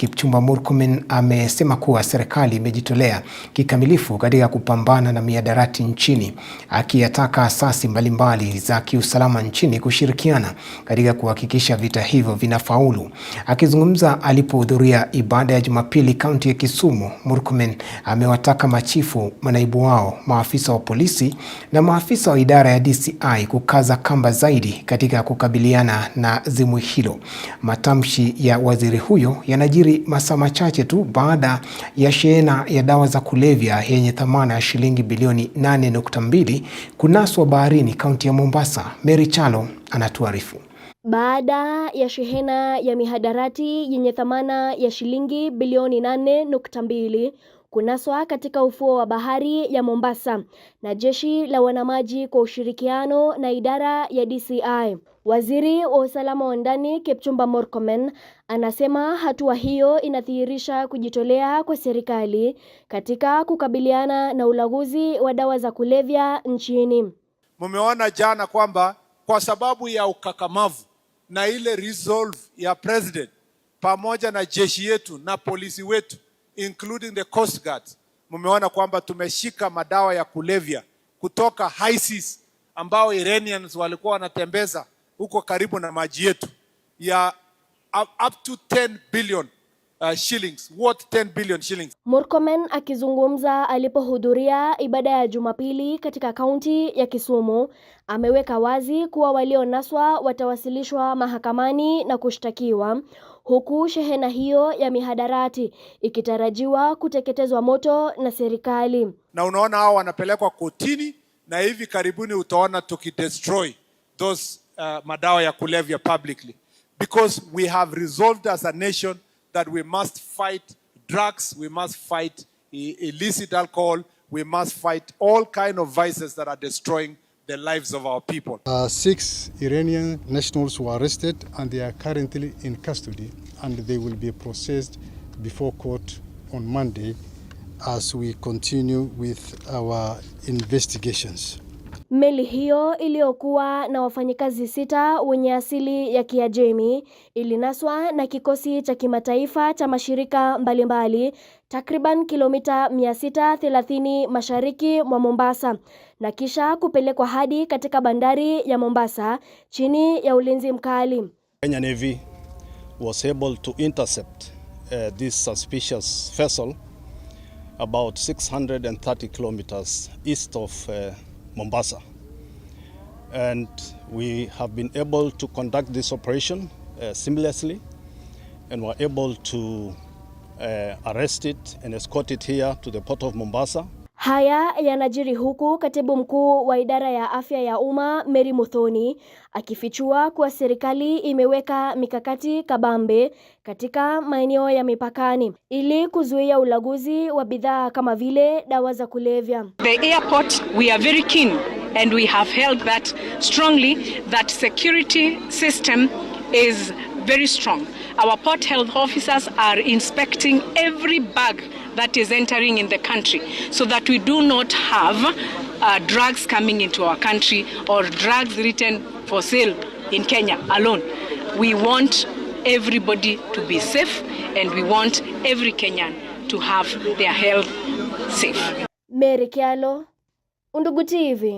Kipchumba Murkomen amesema kuwa serikali imejitolea kikamilifu katika kupambana na mihadarati nchini, akiyataka asasi mbalimbali za kiusalama nchini kushirikiana katika kuhakikisha vita hivyo vinafaulu. Akizungumza alipohudhuria ibada ya Jumapili kaunti ya Kisumu, Murkomen amewataka machifu, manaibu wao, maafisa wa polisi na maafisa wa idara ya DCI kukaza kamba zaidi katika kukabiliana na zimwi hilo. Matamshi ya waziri huyo yanajiri yanajiri masaa machache tu baada ya shehena ya dawa za kulevya yenye thamana ya shilingi bilioni 8.2 kunaswa baharini kaunti ya Mombasa. Mary Chalo anatuarifu. Baada ya shehena ya mihadarati yenye thamana ya shilingi bilioni 8.2 kunaswa katika ufuo wa bahari ya Mombasa na jeshi la wanamaji kwa ushirikiano na idara ya DCI. Waziri wa usalama wa ndani Kipchumba Murkomen anasema hatua hiyo inadhihirisha kujitolea kwa serikali katika kukabiliana na ulaguzi wa dawa za kulevya nchini. Mumeona jana kwamba kwa sababu ya ukakamavu na ile resolve ya president pamoja na jeshi yetu na polisi wetu including the Coast Guard, mmeona kwamba tumeshika madawa ya kulevya kutoka hisis ambao Iranians walikuwa wanatembeza huko karibu na maji yetu ya up to 10 billion Uh, shillings worth 10 billion shillings. Murkomen akizungumza alipohudhuria ibada ya Jumapili katika kaunti ya Kisumu ameweka wazi kuwa walionaswa watawasilishwa mahakamani na kushtakiwa huku shehena hiyo ya mihadarati ikitarajiwa kuteketezwa moto na serikali. Na unaona hao wanapelekwa kotini na hivi karibuni utaona tukidestroy those uh, madawa ya kulevya publicly because we have resolved as a nation that we must fight drugs, we must fight illicit alcohol, we must fight all kind of vices that are destroying the lives of our people. Uh, six Iranian nationals were arrested and they are currently in custody and they will be processed before court on Monday as we continue with our investigations. Meli hiyo iliyokuwa na wafanyikazi sita wenye asili ya Kiajemi ilinaswa na kikosi cha kimataifa cha mashirika mbalimbali takriban kilomita 630 mashariki mwa Mombasa na kisha kupelekwa hadi katika bandari ya Mombasa chini ya ulinzi mkali. Kenya Navy was able to intercept uh, this suspicious vessel about 630 kilometers east of uh, Mombasa. And we have been able to conduct this operation uh, seamlessly and were able to uh, arrest it and escort it here to the port of Mombasa Haya yanajiri huku katibu mkuu wa idara ya afya ya umma Mary Muthoni akifichua kuwa serikali imeweka mikakati kabambe katika maeneo ya mipakani ili kuzuia ulaguzi wa bidhaa kama vile dawa za kulevya. The airport we are very keen and we have held that strongly that security system is very strong. Our port health officers are inspecting every bag that is entering in the country so that we do not have uh, drugs coming into our country or drugs written for sale in Kenya alone. We want everybody to be safe and we want every Kenyan to have their health safe. Mary Kialo, Undugu TV.